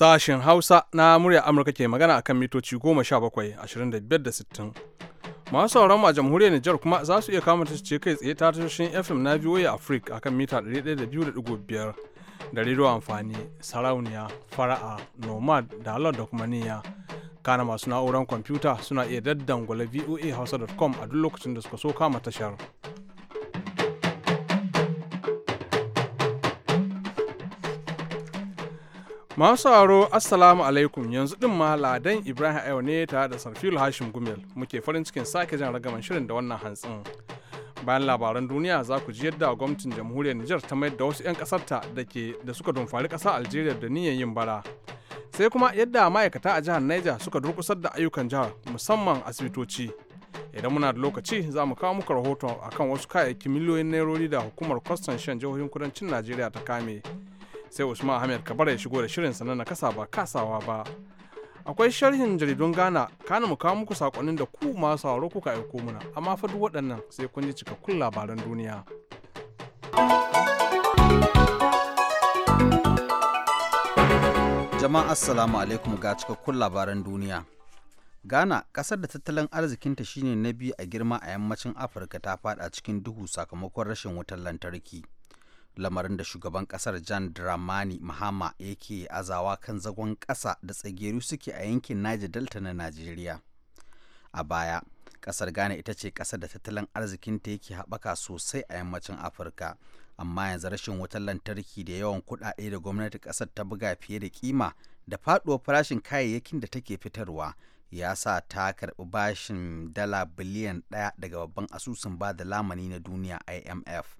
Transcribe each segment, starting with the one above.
Sashen Hausa na murya Amurka ke magana akan mitoci sha bakwai, ashirin da biyar da sittin Masu sauran a jamhuriyar Nijar kuma za su iya kama ce kai tsaye ta tashoshin FM na VOA Africa akan mita ɗaya da rediyo amfani, sarauniya, fara'a, nomad, da dalar da kuma niyya. Kana masu na'uran kwamfuta suna iya daddangwala Hausa.com a duk lokacin da suka so kama tashar. Masu sauraro Assalamu alaikum yanzu din ma Ladan Ibrahim Ayo ne tare da Sarfilu Hashim Gumel muke farin cikin sake jan ragaman shirin da wannan hantsin. Bayan labaran duniya za ku ji yadda gwamnatin jamhuriyar Nijar ta mayar da wasu 'yan kasarta da ke da suka dumfari ƙasar Algeria da niyan yin bara. Sai kuma yadda ma'aikata a jihar Niger suka durkusar da ayyukan jihar musamman asibitoci. Idan muna da lokaci za mu kawo muku rahoton akan wasu kayayyaki miliyoyin nairori da hukumar kwastan shan jihohin kudancin Najeriya ta kame. sai usman ahmed kabar ya shigo da shirin sannan na kasa ba kasawa ba akwai sharhin jaridun ghana kana mu kawo muku sakonnin da ku masu sauraro kuka aiko muna amma fa duk waɗannan sai kun ji cikakkun labaran duniya jama'a assalamu alaikum ga cikakkun labaran duniya ghana kasar da tattalin arzikinta shine na biyu a girma a yammacin afirka ta fada cikin duhu sakamakon rashin wutar lantarki lamarin da shugaban kasar jan dramani mahama yake azawa kan zagon ƙasa da tsageru suke a yankin naji delta na najeriya a baya kasar ghana ita ce kasar da tattalin arzikinta yake haɓaka sosai a yammacin afirka amma yanzu rashin wutar lantarki da yawan kuɗaɗe da gwamnati ƙasar ta buga fiye da kima da faɗuwar farashin kayayyakin da take fitarwa ya sa ta karɓi bashin dala biliyan ɗaya daga babban asusun ba da lamani na duniya imf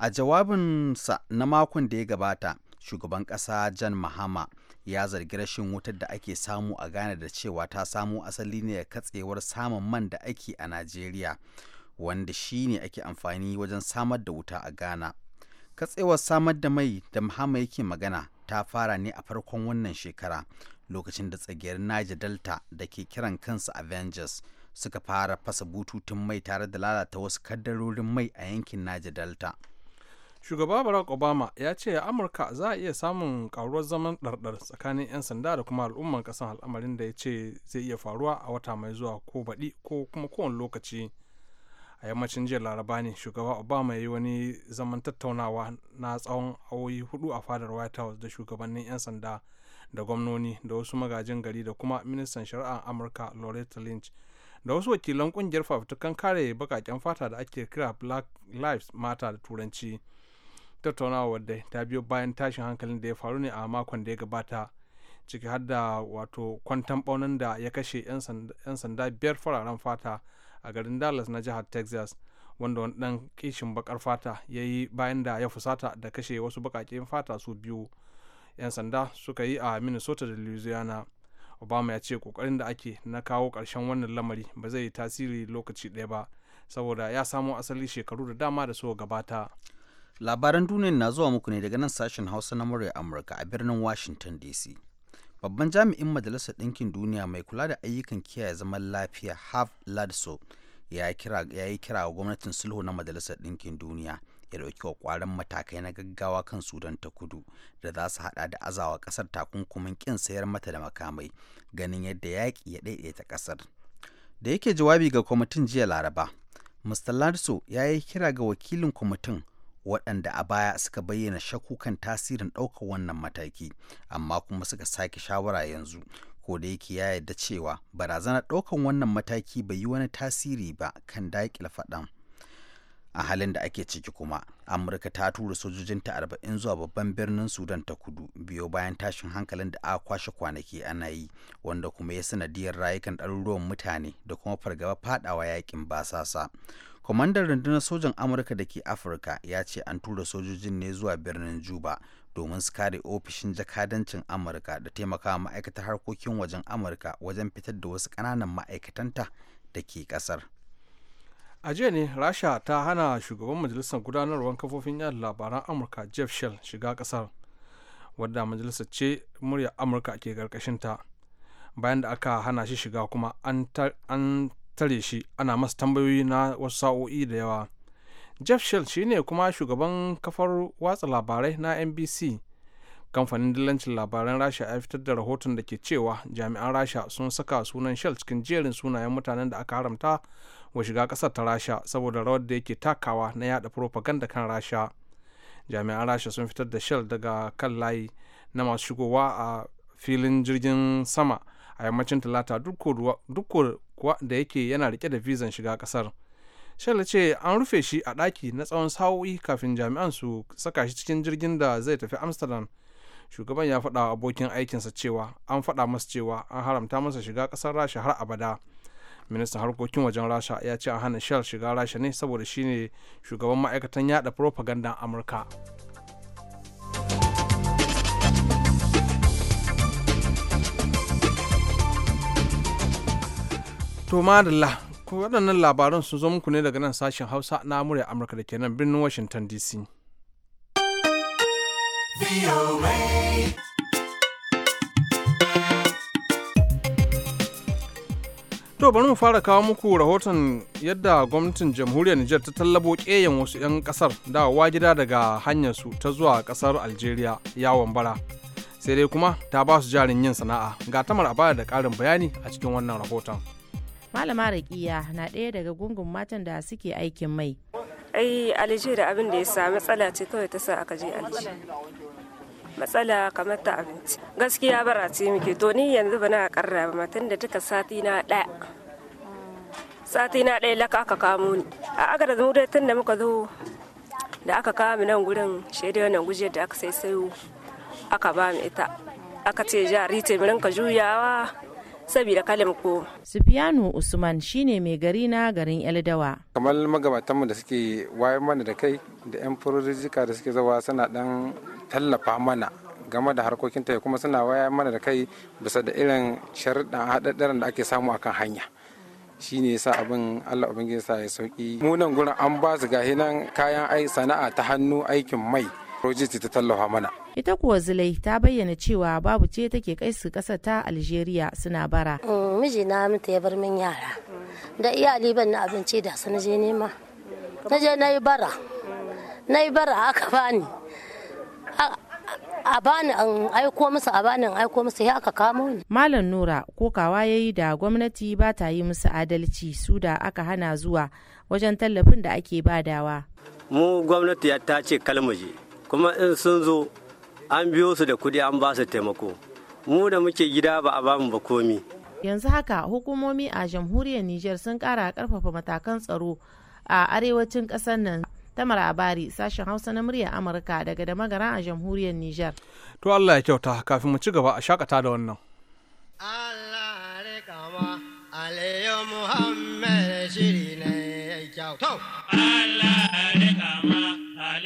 A jawabinsa na makon da ya gabata, shugaban ƙasa Jan Mahama ya zargi rashin wutar da ake samu a Ghana da cewa ta samo asali ne da katsewar samun man da ake a Najeriya, wanda shi ne ake amfani wajen samar da wuta a Ghana. Katsewar samar da mai da Mahama yake magana ta fara ne a farkon wannan shekara lokacin da tsagiyar Niger Delta da ke kiran kansa Avengers suka fara fasa bututun mai tare da lalata wasu kaddarorin mai a yankin Niger Delta. shugaba barack obama ya ce a amurka za a iya samun karuwar zaman ɗarɗar tsakanin 'yan sanda da kuma al'ummar ƙasar al'amarin da ya ce zai iya faruwa a wata mai zuwa ko baɗi ko kuma kowane lokaci a yammacin jiya laraba ne shugaba obama ya yi wani zaman tattaunawa na tsawon awoyi hudu a fadar white house da shugabannin 'yan sanda da gwamnoni da wasu magajin gari da kuma ministan shari'ar amurka loretta lynch da wasu wakilan kungiyar fafutukan kare bakaken fata da ake kira black lives matter da turanci tattaunawa wadda ta biyo bayan tashin hankalin da ya faru ne a makon da ya gabata ciki har da wato kwantan baunin da ya kashe 'yan sanda biyar fararen fata a garin dallas na jihar texas wanda wani dan kishin bakar fata ya yi bayan da ya fusata da kashe wasu bakakin fata su biyu 'yan sanda suka yi a minnesota da louisiana obama ya ce kokarin da ake na kawo karshen wannan lamari ba zai yi tasiri lokaci ɗaya ba saboda ya samo asali shekaru da dama da suka gabata Labaran duniyar na zuwa muku ne daga nan sashen Hausa na murya Amurka a birnin Washington DC. Babban jami'in Majalisar Ɗinkin Duniya mai kula da ayyukan kiyaye zaman lafiya half Ladso ya yi kira wa gwamnatin sulhu na Majalisar Ɗinkin Duniya ya ɗauki wa ƙwarin matakai na gaggawa kan Sudan ta kudu da za su haɗa da azawa ƙasar takunkumin ƙin sayar mata da makamai ganin yadda yaƙi ya ɗaiɗaita ƙasar. Da yake jawabi ga kwamitin jiya Laraba, Mr. Ladso ya yi kira ga wakilin kwamitin waɗanda a baya suka bayyana kan tasirin ɗaukar wannan mataki amma kuma suka sake shawara yanzu ko da yake ya yarda cewa barazanar ɗaukan wannan mataki bai yi wani tasiri ba kan daƙile faɗan a halin da ake ciki kuma amurka ta tura sojojinta arba'in zuwa babban birnin sudan ta kudu biyo bayan tashin hankalin da aka kwashe kwanaki ana yi wanda kuma ya sanadiyar rayukan ɗaruruwan mutane da kuma fargaba faɗawa yakin basasa kwamandan rundunar sojan amurka da ke afirka ya ce an tura sojojin ne zuwa birnin juba domin su kare ofishin jakadancin amurka da taimakawa ma'aikatar harkokin wajen amurka wajen fitar da wasu kananan ma'aikatanta da ke kasar. a jiya ne rasha ta hana shugaban majalisar gudanarwar kafofin yada labaran amurka jeff shell shiga kasar wadda majalisar ce murya amurka ke ta bayan da aka hana shi shiga kuma an tare shi ana masa tambayoyi na wasu sa'o'i da yawa jeff shell shine kuma shugaban kafar watsa labarai na nbc kamfanin dillancin labaran rasha ya fitar da rahoton da ke cewa jami'an rasha sun saka sunan shell cikin jerin sunayen mutanen da aka haramta wa shiga kasar ta rasha saboda rawar da yake takawa na yada propaganda kan rasha jami'an rasha sun fitar da shell daga kan layi na masu shigowa a filin jirgin sama a yammacin talata duk kuwa da yake yana rike da vizan shiga kasar shella ce an rufe shi a ɗaki na tsawon sa'o'i kafin jami'an su saka shi cikin jirgin da zai tafi amsterdam shugaban ya faɗa wa abokin aikinsa cewa an faɗa masa cewa an haramta masa shiga kasar rasha har abada ministan harkokin wajen rasha ya ce an hana shell shiga rasha ne saboda shine shugaban ma'aikatan yada propaganda amurka To madalla, waɗannan labaran sun zo muku ne daga nan sashen Hausa na murya Amurka da ke nan birnin Washington DC. To bari mu fara kawo muku rahoton yadda gwamnatin jamhuriyar Nijar ta tallabo keyan wasu 'yan ƙasar dawowa gida daga hanyar su ta zuwa ƙasar Algeria yawon bara. Sai dai kuma ta ba su jarin yin sana'a ga tamar a ba da ƙarin bayani a cikin wannan rahoton. malama rakiya na ɗaya daga gungun matan da suke aikin mai ai alije da abin da ya sa matsala ce kawai ta sa aka je alije matsala kamar ta abinci gaskiya bara ce muke to ni yanzu ba na karra ba matan da duka sati na ɗaya sati na ɗaya laka aka kamo ni a aka da mu dai tun da muka zo da aka kama nan gurin shaidai wannan guje da aka sai sayo aka ba mu ita aka ce jari ce mu juyawa saboda kalam ko. Sufiyanu Usman shine mai gari na garin Eldawa. Kamar magabatanmu da suke wayar mana da kai da 'yan furujika da suke zawa suna dan tallafa mana game da harkokin ta kuma suna waya mana da kai bisa da irin sharuɗan haɗaɗɗaren da ake samu akan hanya. shi ne sa abin Allah ubangiji sa ya sauki munan gurin an ba su gahi nan kayan sana'a ta hannu aikin mai Rojiti ta tallafa mana. Ita kuwa Zulai ta bayyana cewa babu ce take kai su ƙasar ta Algeria suna bara. Mm, Miji na minta ya bar min yara. Da iyali ban na abinci da su na je nema. Na je na yi bara. Na yi bara aka bani. a bani an aiko musu a bani an aiko musu ya aka kamo ni. Malam Nura kawa ya yi da gwamnati ba ta yi musu adalci su da aka hana zuwa wajen tallafin da ake badawa. Mu gwamnati ya ta ce kalmaje kuma in sun zo an biyo su da kudi an ba su taimako mu da muke gida ba a bamu ba komi yanzu haka hukumomi a jamhuriyar niger sun kara karfafa matakan tsaro a arewacin kasar nan tamar abari sashen hausa na murya amurka daga da magara a jamhuriyar niger to allah ya kyauta kafin mu ci gaba a shakata da wannan allah allah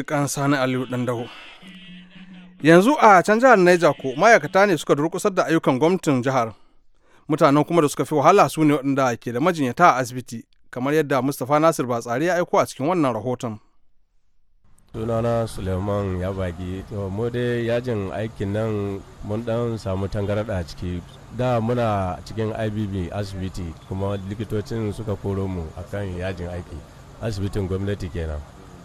jikan sani aliyu dandaho yanzu a can jihar naija ko ma'aikata ne suka durkusar da ayyukan gwamnatin jihar mutanen kuma da suka fi wahala su ne waɗanda ke da majinyata a asibiti kamar yadda mustapha nasir ba tsari ya aiko a cikin wannan rahoton sunana suleiman ya bagi mu dai yajin aikin nan mun dan samu tangarɗa a ciki da muna cikin ibb asibiti kuma likitocin suka koro mu akan yajin aiki asibitin gwamnati kenan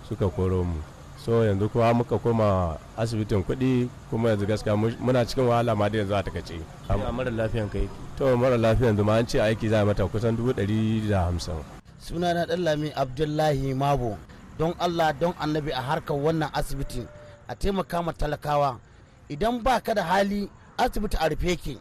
suka koro mu so yanzu kuma muka koma asibitin kuɗi kuma yanzu gaskiya muna cikin wahala ma da yanzu a takaice amma mara lafiyan ka yake to mara lafiyan ma an ce aiki za a mata kusan dubu ɗari da hamsin suna na ɗan lami abdullahi mabo don allah don annabi a harkar wannan asibiti a taimaka ma talakawa idan ba ka da hali asibiti a rufe ke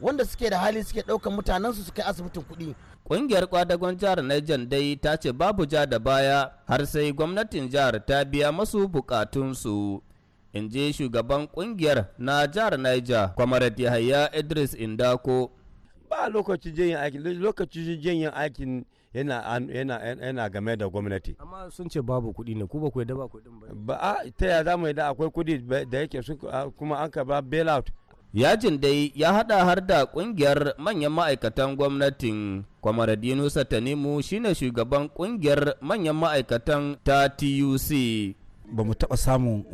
wanda suke da hali suke ɗaukar mutanensu su kai asibitin kuɗi kungiyar kwadagon jihar Niger dai ta ce babu ja da baya har sai gwamnatin jihar ta biya masu bukatunsu. In ji shugaban kungiyar na jihar Niger, Kwamarat Yahaya Idris Indako. Ba lokacin janyen aikin, lokacin janyen aikin yana, yana, yana game da gwamnati. Amma sun ce babu kuɗi ne, ku ba ku yadda ba kuɗin ba. Ba ta ya za mu yadda akwai kuɗi da yake kuma an ka ba bailout. Yajin dai ya haɗa har da ƙungiyar manyan ma'aikatan gwamnatin Kwamaradinu Satanimu shine shugaban ƙungiyar manyan ma'aikatan ta TUC ba mu taɓa samun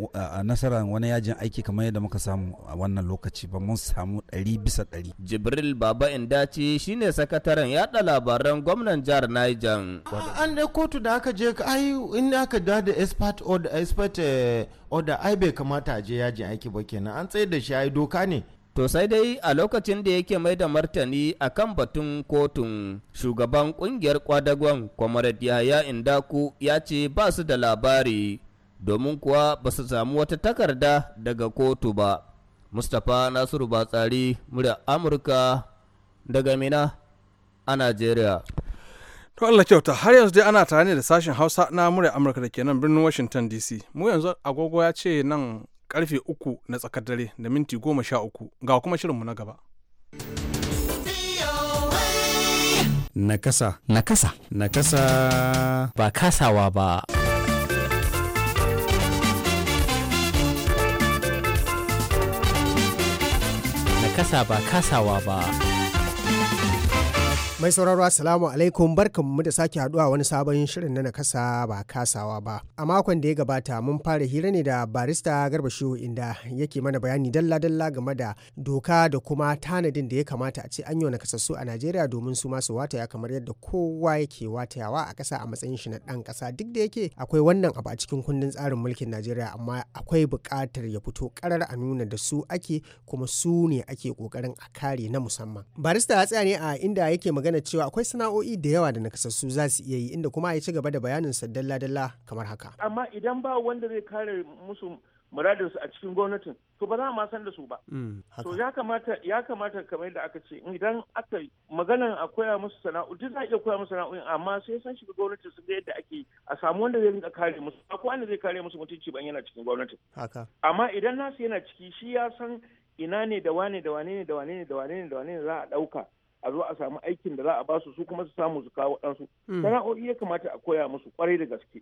nasara wani yajin aiki kamar yadda muka samu a wannan lokaci ba mun samu ɗari bisa ɗari. jibril baba inda shi ne sakataren yaɗa labaran gwamnan jihar niger. an da kotu da aka je ai in aka da da expert order eh, ai bai kamata a je yajin aiki ba kenan an tsaye da shi ai doka ne. To sai dai a lokacin da yake mai da martani a kan batun kotun shugaban kungiyar kwadagon kwamarat yaya Indaku ya ce ba su da labari domin kuwa ba su samu wata takarda daga kotu ba. Mustapha Nasiru Batsari, murya Amurka daga Mina a Najeriya. To Allah kyauta har yanzu dai ana tare ne da sashen Hausa na murya Amurka da ke nan birnin Washington DC. Mu yanzu agogo ya ce nan karfe uku na tsakar dare da minti goma sha uku ga kuma shirinmu na gaba. Nakasa. Nakasa. Nakasa. Ba kasawa ba. Kasa ba kasawa ba. Mai sauraro Assalamu alaikum barkan mu da sake haduwa wani sabon shirin na nakasa ba kasawa ba. A makon da ya gabata mun fara hira ne da barista Garba Shehu inda yake mana bayani dalla-dalla game da doka da kuma tanadin da ya kamata a ce an yi nakasassu a Najeriya domin su masu wataya kamar yadda kowa yake watayawa a kasa a matsayin shi na ɗan kasa duk da yake akwai wannan abu a cikin kundin tsarin mulkin Najeriya amma akwai buƙatar ya fito karar a nuna da su ake kuma su ne ake ƙoƙarin a kare na musamman. Barista ya tsaya ne a inda yake magana bayyana cewa akwai sana'o'i da yawa da nakasassu za su iya yi inda kuma ya ci gaba da bayanin sa dalla-dalla kamar haka. Amma idan ba wanda zai kare musu muradinsu a cikin gwamnatin to ba za a san da su ba. Mm, to ya kamata ya kamata kamar yadda aka ce idan aka maganan a koya musu sana'o'i duk za a iya koya musu sana'o'i amma sai san shiga gwamnatin su ga yadda ake a samu wanda zai rinka kare musu ba ko wanda zai kare musu mutunci ban yana cikin gwamnatin. Amma idan nasu yana ciki shi ya san ina ne da wane da wane ne da wane ne da wane ne da wane ne za a ɗauka a zo a samu aikin da za a ba su su kuma su samu su kawo ɗansu hmm. sana'o'i ya kamata a koya musu kwarai da gaske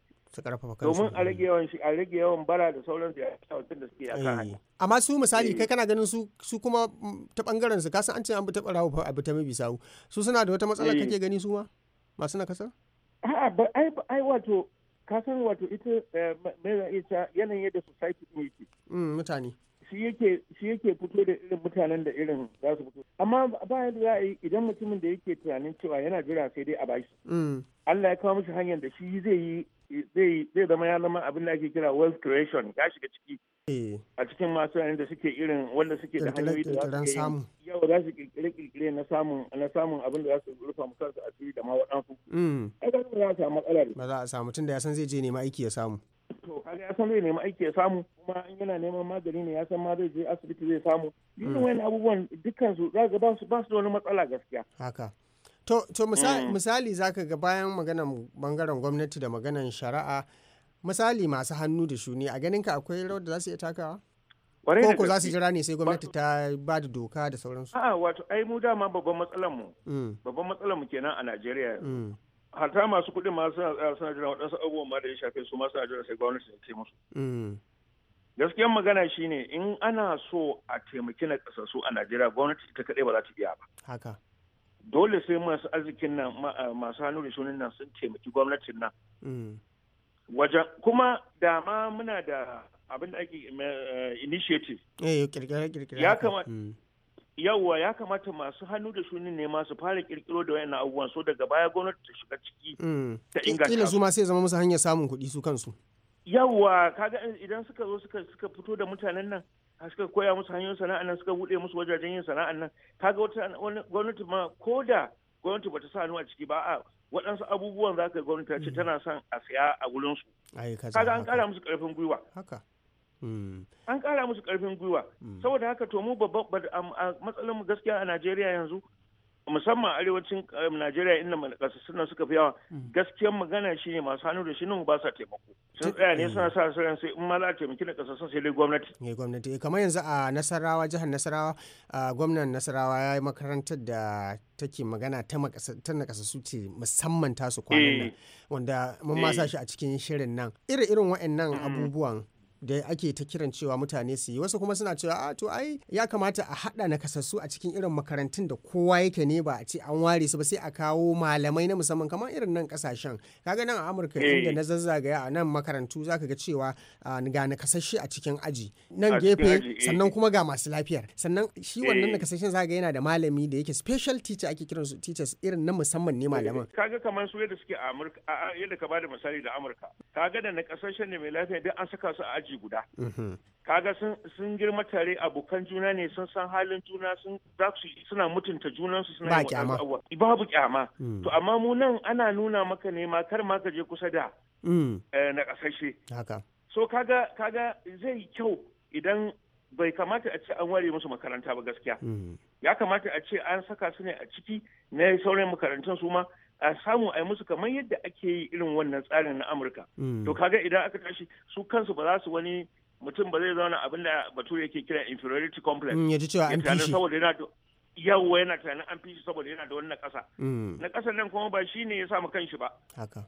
domin a rage yawan shi a rage yawan bara da sauran da shawartar da suke yaka eh. amma su misali eh. kai kana ganin su su kuma ta bangaren su kasan an ce an bi taɓa rawo a bi ta mabi sawu su suna da wata matsala eh. kake gani su ma masu na kasar a'a ba ai wato kasan wato ita me zan iya yanayin yadda society ne yake hmm, mutane shi yake shi yake fito da irin mutanen da irin za su fito amma bayan yadda za a yi idan mutumin da yake tunanin cewa yana jira sai dai a bashi mm. Allah ya kawo mishi hanyar da shi zai yi zai zama ya zama abin da ake kira wealth creation ya shiga ciki eh. a cikin masu yanayin da suke irin wanda suke da hanyoyi da za su yau za su kirkire na samun na samun abin da za su rufa mu kansu asiri da ma waɗansu mm. ai ga za a samu matsalar ba za a samu da ya san zai je nema aiki ya samu to kaga ya san zai nema aiki ya samu kuma in yana neman magani ne ya san ma zai je asibiti zai samu yin mm. wani abubuwan dukkan su za ga ba su da wani matsala gaskiya haka To, to mm. misali za ka ga bayan maganan bangaren gwamnati da maganan shari'a misali masu hannu da shuni a ganin ka akwai rawar da za su iya takawa? Ko ko za su jira ne sai gwamnati ta ba da doka da sauransu? A'a wato ai mu dama babban matsalar mu. Mm. Babban matsalar mu kenan a Najeriya. Mm. Harta masu kuɗin masu suna suna jira waɗansu abubuwan ma da ya shafe su masu suna jira sai gwamnati ta ce musu. Gaskiyar magana shine in ana so a taimaki na ƙasasu a Najeriya gwamnati ta kaɗai ba za ta iya ba. Haka. dole sai masu arzikin nan eh, masu hannu da sunan nan sun taimaki gwamnatin nan mm. wajen kuma da ma muna da abin da ake eh, initiative eh, ya kamata mm. ya kamata masu hannu da shuni ne masu fara kirkiro da wayannan abubuwan so daga baya gwamnati ta shiga ciki mm. ta inganta kila su ma sai zama musu hanyar samun kuɗi su kansu yawwa kaga idan suka zo suka suka fito da mutanen nan har suka koya musu hanyoyin sana'an nan suka buɗe musu wajajen yin sana'an nan kaga wata gwamnati ma ko da gwamnati bata sa hannu a ciki ba a waɗansu abubuwan za ka gwamnati ce mm. tana son a siya a wurin su kaga an ƙara musu ƙarfin gwiwa an ƙara musu ƙarfin gwiwa saboda haka to mu babban matsalar mu gaskiya a Najeriya yanzu musamman arewacin um, Najeriya inda nakasassun nan suka fi yawa hmm. gaskiyar magana shine masu hannu da shi nan ba sa taimako sun tsaya ne eh. suna sa sirrin sai in ma za a taimaki nakasassun sai dai gwamnati ne eh, gwamnati eh, kamar yanzu a Nasarawa jihar Nasarawa gwamnan Nasarawa ya yi makarantar da take magana ta nakasassu ce musamman tasu kwanan nan wanda mun ma sa shi a cikin shirin nan irin irin waɗannan hmm. abubuwan da ake ta kiran cewa mutane su yi wasu kuma suna cewa a ah, to ai ya kamata a haɗa nakasassu a cikin irin makarantun da kowa yake ne ba a ce an ware su ba sai a kawo malamai na musamman kamar irin nan kasashen kaga nan a amurka eh. inda na zazzagaya a nan makarantu zaka ga cewa ga nakasashe a cikin aji nan gefe eh. sannan kuma ga masu lafiyar sannan shi eh. wannan nakasashen ga yana da malami da yake special teacher ake kiran su teachers irin na musamman ne malaman kaga kamar su yadda suke a amurka yadda ka bada misali da amurka kaga da nakasashen ne mai lafiya duk an saka su a aji aji guda mm-hmm. kaga sun girma tare abokan juna ne sun san halin juna sun za su suna mutunta junansu suna yi kyama babu kyama mm. to amma mu nan ana nuna maka ne ma kar ma ka je kusa da mm. eh, na kasashe haka so kaga kaga zai kyau idan bai kamata a ce an ware musu makaranta ba gaskiya mm. ya kamata a ce an saka su ne a ciki na sauran makarantun su ma a samu a yi musu kamar yadda ake yi irin wannan tsarin na amurka mm. to kaga idan aka tashi su kansu ba za su wani mutum ba zai zauna abinda batu bature yake kira inferiority complex mm, ya ji cewa an fi saboda yana da yawwa yana tunanin an saboda yana da wannan kasa na kasan mm. nan kuma ba shi ne ya samu kan kanshi ba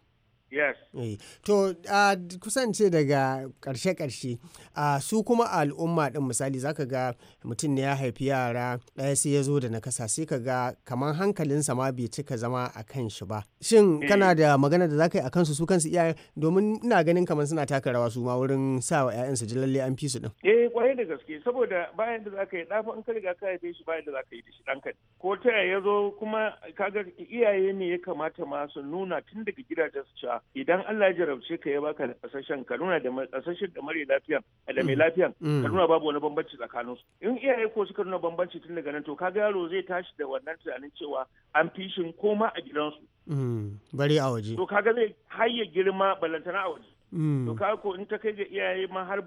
Yes. Eh, to uh, kusance daga karshe-karshe uh, su kuma al'umma din misali zaka ga mutum ne ya haifi yara ɗaya sai ya zo da nakasa sai ka ga kamar hankalinsa ma bai cika zama a kan shi ba. Shin mm. kana da magana da zaka yi a kansu su kansu iyaye domin ina ganin kamar suna taka rawa su ma wurin sa wa 'ya'yansu ji lalle an fi su ɗin. Eh kwaye da gaske saboda bayan da zaka yi ɗafa in ka riga ka haife shi bayan da zaka yi da shi ɗanka ko ta ya zo kuma kaga iyaye ne ya kamata ma su nuna tun daga gidajen su cewa idan Allah ya jarabce ka ya baka da kasashen ka nuna da kasashen da mare lafiya da mai mm. lafiya ka mm. nuna babu wani bambanci tsakanin su in iyaye ko suka nuna bambanci tun daga nan to kaga yaro zai tashi da wannan tunanin cewa an fishin koma a gidansu mm. bare a waje to kaga zai hayya girma balantana a waje Mm. to ko in ta kai ga iyaye ma har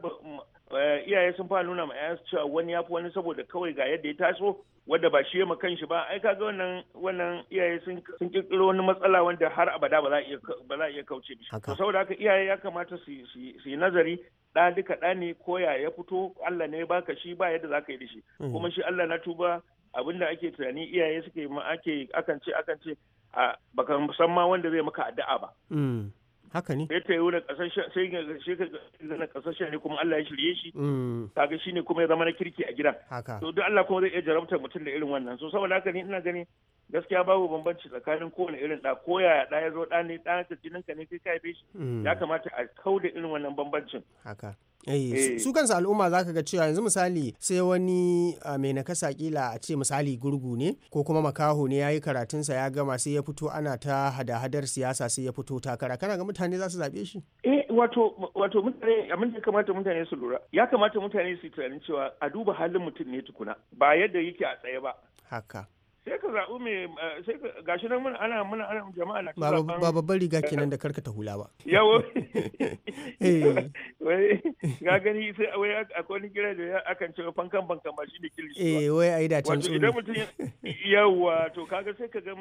eh, iyaye sun fara nuna ma yayansu cewa wani ya fi wani saboda kawai ga yadda ya taso wadda ba shi ya makan shi ba ai kaga wannan wannan iyaye sun sun kirkiro wani matsala wanda har abada ba za iya ba za iya kauce mishi saboda haka iyaye ya kamata su su yi nazari da duka da ne ko ya ya fito Allah ne baka shi ba yadda zaka yi da shi mm. kuma shi Allah na tuba abinda ake tunani iyaye suke ma ake akan ce akan ce baka san ma wanda zai maka addu'a ba mm. haka ne ya tayi wani kasashen sai shi kasashen ne kuma Allah ya shirye shi mm. kaga shi ne kuma ya zama na kirki a gidan to duk Allah kuma zai iya jarabtar mutum da irin wannan so saboda haka ni ina gani gaskiya babu bambanci tsakanin kowane irin ɗa ko yaya ɗa ya zo ɗa ne ɗa ta jinin ka ne kai ka bi shi hmm. ya kamata a kauda irin wannan bambancin haka Eh, su eh. kansa al'umma za ka ga cewa yanzu misali sai wani ah, mai nakasa kila a ce misali gurgu ne ko kuma makaho ne ya yi karatunsa ya gama sai ya fito ana ta hada-hadar siyasa sai ya fito takara kana ga mutane za su zaɓe shi? Eh wato wato mutane abin da kamata mutane su lura ya kamata mutane su tunanin cewa a duba halin mutum ne tukuna ba yadda yake a tsaye ba. Haka. sai ka zaɓi mai eh, sai gashi nan muna ana muna ana jama'a na ba ba babban riga kenan da karkata hula ba yawo eh. wai ga gani sai wai akwai ni kira da ya akan cewa fankan bankan ba ne kilishi eh wai ai da can tsoro mutum to kaga sai ka ga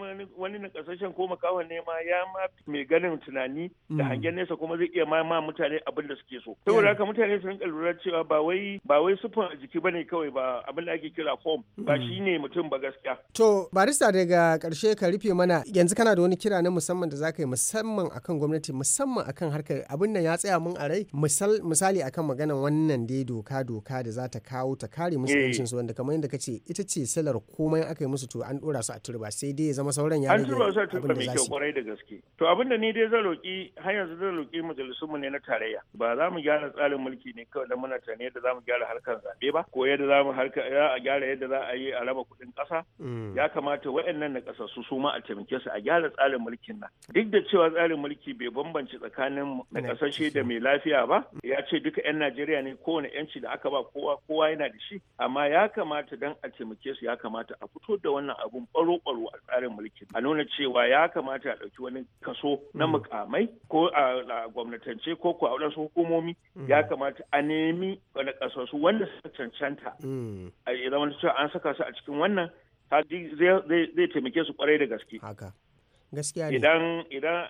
wani na kasashen ko makawan ne ma ya ma mai ganin tunani da mm. hangen nesa kuma zai iya ma ma mutane abin da suke so saboda haka mutane su rinka lura cewa ba wai ba wai sufan jiki bane kawai ba abin da ake kira form ba mm. shi ne mutum ba gaskiya to barista daga karshe ka rufe mana yanzu kana da wani kira na musamman da zaka yi musamman akan gwamnati musamman akan harkar abin nan ya tsaya mun a misali akan maganan wannan dai doka doka da za ta kawo ta kare musuluncin eh. su wanda kamar yadda kace ita ce salar komai aka yi musu to an dora su a turba sai dai ya zama sauran ya rage abin da za kwarai da gaske to abin da ni dai zan roki har yanzu zan roki majalisun mu ne na tarayya ba za mu gyara tsarin mulki ne kawai da muna tare da za mu gyara harkar zabe ba ko yadda za mu harka a gyara yadda za a yi a raba kuɗin ƙasa mm. ya yakamata kamata waɗannan na ƙasassu su ma a taimake su a gyara tsarin mulkin nan duk da cewa tsarin mulki bai bambance tsakanin na ƙasashe da mai lafiya ba ya ce duka 'yan najeriya ne kowane 'yanci da aka ba kowa kowa yana da shi amma ya kamata dan a taimake su ya kamata a fito da wannan abun baro-baro a tsarin mulki a nuna cewa ya kamata a ɗauki wani kaso na mm. mukamai ko a gwamnatance ko ko a wadansu hukumomi mm. ya kamata a nemi wani ƙasassu wanda suka cancanta mm. a zama cewa an saka su a cikin wannan zai taimake su kwarai da gaske haka gaskiya ne idan idan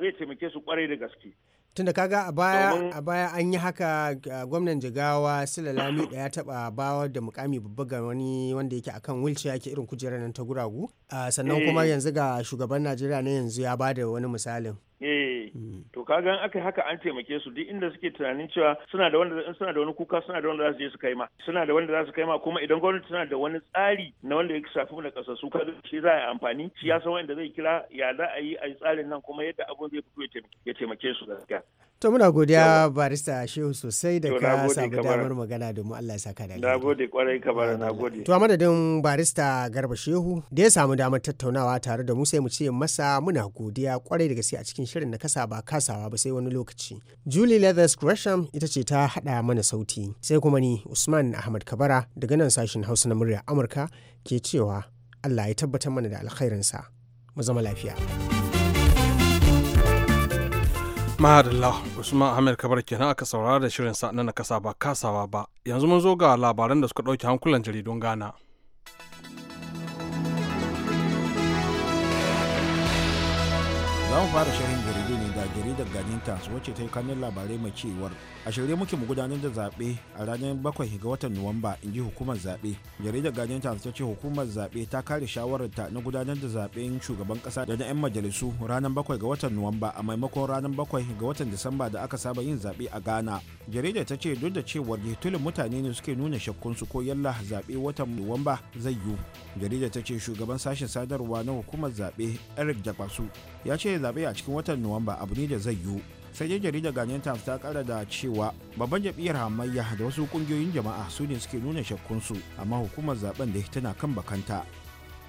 zai taimake su kwarai da gaske tunda kaga a baya a baya an yi haka gwamnan jigawa sila lami da ya taba bawa da mukami babba ga wani wanda yake akan wilce yake irin kujerar nan ta guragu ah, sannan kuma eh. yanzu ga shugaban najeriya na yanzu ya bada wani misalin eh mm. to gan aka haka an taimake su duk inda suke tunanin cewa suna da wanda suna da wani kuka suna da wanda za su je su kai ma suna da wanda za su kai ma kuma idan gwamnati tana da wani tsari na wanda ya shafi mu da su kaga shi za a yi amfani shi ya san wanda zai kira ya za a yi a tsarin nan kuma yadda abun zai fito ya taimake su gaskiya to muna godiya barista shehu sosai da ka samu damar magana domin Allah ya saka da Na kwarai kabara To a madadin barista Garba Shehu da ya samu damar tattaunawa tare da mu sai mu ce masa muna godiya kwarai da gaske a cikin shirin na kasa ba kasawa ba sai wani lokaci. Julie Leathers Gresham ita ce ta haɗa mana sauti. Sai kuma ni Usman Ahmad Kabara daga nan sashen Hausa na murya Amurka ke cewa Allah ya tabbatar mana da alkhairinsa. Mu zama lafiya. Mahadallah Usman ahmad Kabar kenan aka saurara da shirin sa na kasa ba kasawa ba. Yanzu mun zo ga labaran da suka ɗauki hankulan jaridun Ghana. não para o jaridar Guardian Times wacce ta yi kanin labarai mai cewar a shirye muke mu gudanar da zaɓe a ranar bakwai ga watan Nuwamba in ji hukumar zaɓe. Jaridar Guardian Times ta ce hukumar zaɓe ta kare shawararta na gudanar da zaɓen shugaban ƙasa da na 'yan majalisu ranar bakwai ga watan Nuwamba a maimakon ranar bakwai ga watan Disamba da aka saba yin zaɓe a Ghana. Jaridar ta ce duk da cewar tulin mutane ne suke nuna shakkunsu ko yalla zaɓe watan Nuwamba zai yiwu. Jaridar ta ce shugaban sashen sadarwa na hukumar zaɓe Eric Jakwasu ya ce zaɓe a cikin watan Nuwamba abu ne jarida zai yiwu sai dai jaridar ganyen times ta kara da cewa babban jam'iyyar hamayya da wasu kungiyoyin jama'a su ne suke nuna shakkunsu amma hukumar zaben da tana kan bakanta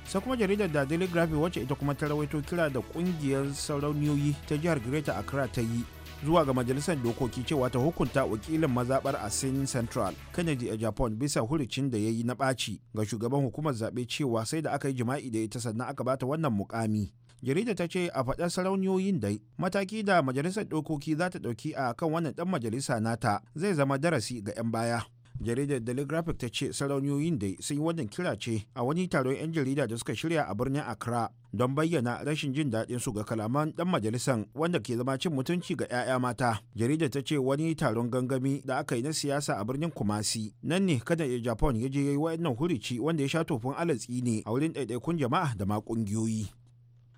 sai kuma jaridar da daily graphic wacce ita kuma ta rawaito kira da kungiyar sarauniyoyi ta jihar greater accra ta yi zuwa ga majalisar dokoki cewa ta hukunta wakilin mazabar asin central kennedy a japan bisa hurucin da ya yi na ɓaci ga shugaban hukumar zaɓe cewa sai da aka yi jima'i da ita sannan aka bata wannan mukami jarida ta ce a faɗar sarauniyoyin dai mataki da majalisar dokoki za ta ɗauki a kan wannan ɗan majalisa nata zai zama darasi ga 'yan baya jaridar telegraphic ta ce sarauniyoyin dai sun yi wannan kira ce a wani taron 'yan jarida da suka shirya a birnin accra don bayyana rashin jin daɗin su ga kalaman ɗan majalisan wanda ke zama cin mutunci ga 'ya'ya mata jaridar ta ce wani taron gangami da aka yi na siyasa a birnin kumasi nan ne kada ya japan ya je ya yi wa'annan hurici wanda ya sha tofin alatsi ne a wurin ɗaiɗaikun jama'a da ma ƙungiyoyi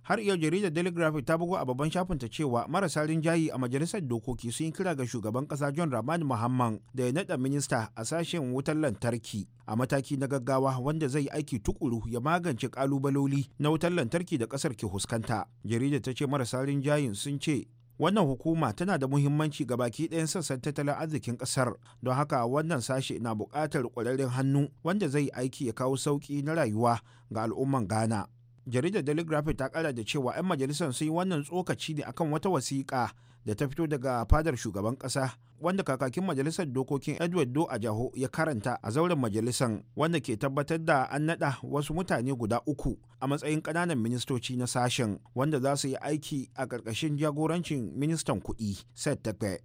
har iya jaridar telegraph ta bugo a babban shafinta cewa marasa rinjayi a majalisar dokoki sun yi kira ga shugaban kasa john rahman muhammad da ya naɗa minista a sashen wutar lantarki a mataki na gaggawa wanda zai aiki tukuru ya magance kalubaloli na wutar lantarki da kasar ke huskanta jaridar ta ce marasa rinjayin sun ce wannan hukuma tana da muhimmanci ga baki ɗayan sassan tattalin arzikin ƙasar don haka wannan sashe na buƙatar ƙwararren hannu wanda zai aiki ya kawo sauki na rayuwa ga al'umman ghana jaridar daily ta kara da cewa 'yan majalisar sun yi wannan tsokaci ne akan wata wasiƙa da ta fito daga fadar shugaban ƙasa wanda kakakin majalisar dokokin edward do a jaho ya karanta a zauren majalisar wanda ke tabbatar da an naɗa wasu mutane guda uku a matsayin ƙananan ministoci na sashen wanda za su yi aiki a ƙarƙashin jagorancin ministan kuɗi set tafe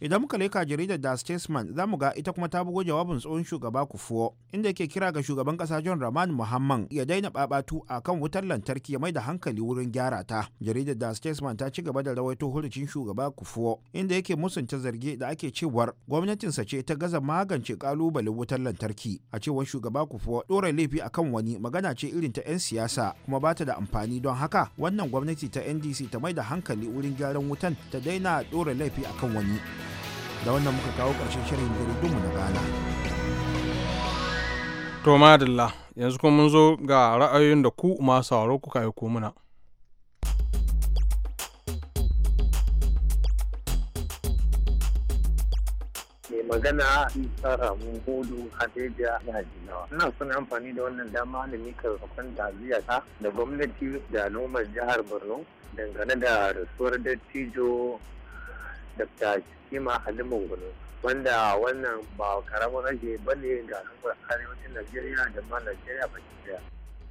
idan muka leka jaridar da statesman za mu ga ita kuma ta bugo jawabin tsohon shugaba kufuwa inda yake kira ga shugaban kasa john rahman muhammad ya daina babatu a kan wutar lantarki ya mai da hankali wurin gyara ta jaridar da statesman ta ci gaba da rawaito hurucin shugaba kufuwa inda yake musunta zarge da ake cewar gwamnatinsa ce ta gaza magance kalubalen wutar lantarki a cewar shugaba kufuwa dora laifi a kan wani magana ce irin ta 'yan siyasa kuma bata da amfani don haka wannan gwamnati ta ndc ta mai da hankali wurin gyaran wutan ta daina dora laifi a kan wani. da wannan muka kawo ƙarshen shirin jaridunmu na gana To madalla yanzu kuma mun zo ga ra'ayoyin da ku masu sauraro kuka aiko muna. magana isa mu hudu na hajinawa ina son amfani da wannan dama da mika sakon taziya ta da gwamnati da noma jihar borno dangane da rasuwar dattijo Dr. Kima Halima Gulu wanda wannan ba karamin rage bane ga al'ummar arewacin Najeriya da ma Najeriya ba daya.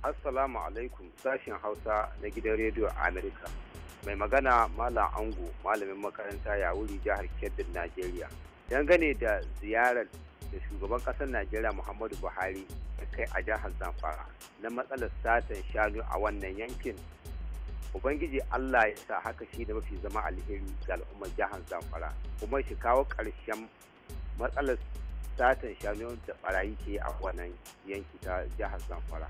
Assalamu alaikum sashen Hausa na gidan rediyo Amerika. Mai magana Malam Ango malamin makaranta ya wuri jihar Kebbin Najeriya. Dangane da ziyarar da shugaban ƙasar Najeriya Muhammadu Buhari da kai a jihar Zamfara na matsalar satan shanu a wannan yankin ubangiji allah ya sa haka shi da mafi zama alheri ga al'ummar jihar zamfara kuma shi kawo ƙarshen matsalar satan shanu da barayi ke a wannan yanki ta jihar zamfara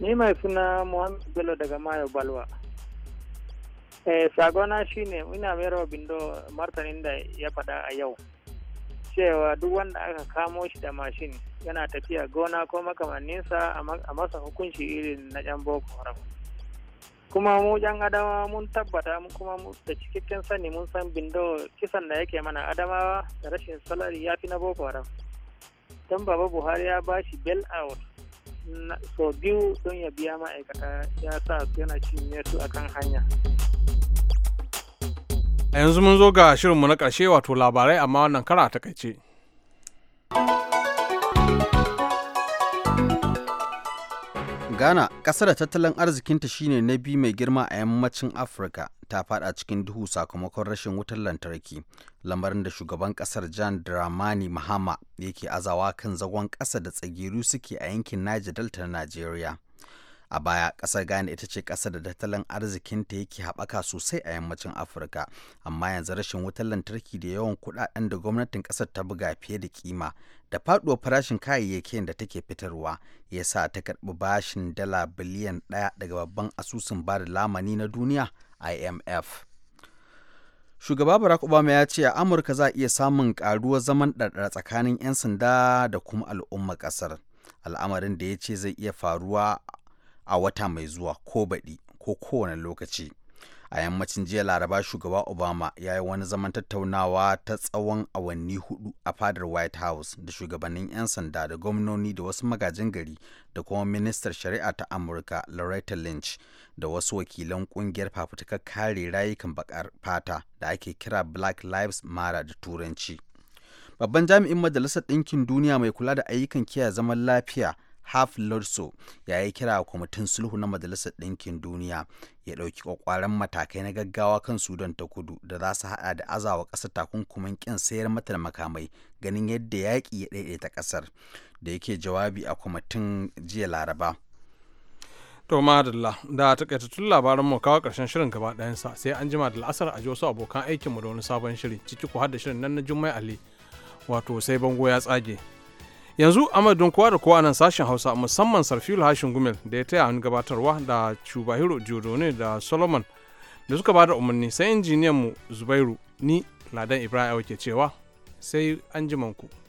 ni mai suna muhammad bello daga mayo balwa eh sagona shine ina mai rawa bindo martanin da ya faɗa a yau cewa duk wanda aka kamo shi da mashin yana tafiya gona ko makamanninsa a masa hukunci irin na 'yan boko haram kuma mu jan adama mun tabbata mu kuma da cikakken sani mun san bindo kisan da yake mana adamawa da rashin salari ya fi na boko haram don baba buhari ya ba shi bel out so biyu don ya biya ma'aikata ya sa su yana cinye su kan hanya a yanzu mun zo ga shirinmu na karshe wato labarai amma wannan kara a takaice. ghana ƙasar da tattalin arzikinta shine na biyu mai girma a yammacin afirka ta fada cikin duhu sakamakon rashin wutar lantarki lamarin da shugaban ƙasar jan dramani mahama yake azawa kan zagon ƙasa da tsagiru suke a yankin niger delta na najeriya a baya kasar ghana ita ce ƙasar da tattalin arzikinta yake haɓaka sosai a yammacin afirka amma yanzu rashin wutar lantarki da yawan kuɗaɗen da gwamnatin ƙasar ta buga fiye da kima da faɗuwar farashin kayayyakin da take fitarwa ya sa ta karɓi bashin dala biliyan ɗaya daga babban asusun bada lamani na duniya imf shugaba barack obama ya ce a amurka za a iya samun ƙaruwar zaman ɗarɗar tsakanin 'yan sanda da kuma al'ummar ƙasar al'amarin da ya ce zai iya faruwa a wata mai zuwa ko baɗi ko kowane lokaci a yammacin jiya laraba shugaba obama ya yi wani zaman tattaunawa ta tsawon awanni hudu a fadar white house da shugabannin 'yan sanda da gwamnoni da wasu magajin gari da kuma ministar shari'a ta amurka loretta lynch da wasu wakilan kungiyar fafutukar kare rayukan bakar fata da ake kira black lives matter da turanci babban jami'in majalisar ɗinkin duniya mai kula da ayyukan kiyaye zaman lafiya Half Lodso ya yi kira kwamitin sulhu na Majalisar Ɗinkin Duniya ya ɗauki ƙwaƙwaren matakai na gaggawa kan Sudan ta kudu da za su haɗa da azawa ƙasar takunkumin ƙin sayar mata makamai ganin yadda yaƙi ya ɗaiɗaita ƙasar da yake jawabi a kwamitin jiya Laraba. To madalla da tun labaran mu kawo karshen shirin gaba ɗayansa sai an jima da la'asar a ji wasu abokan aikinmu da wani sabon shiri ciki ku har shirin nan na Jummai Ali wato sai bango ya tsage yanzu don kowa da kowa nan sashen hausa musamman sarfil hashin gumel da ya taya hannu gabatarwa da cubahiro jodone da solomon da suka bada umarni sai injiniyan mu zubairu ni ladan ibrahim ke cewa sai an ku.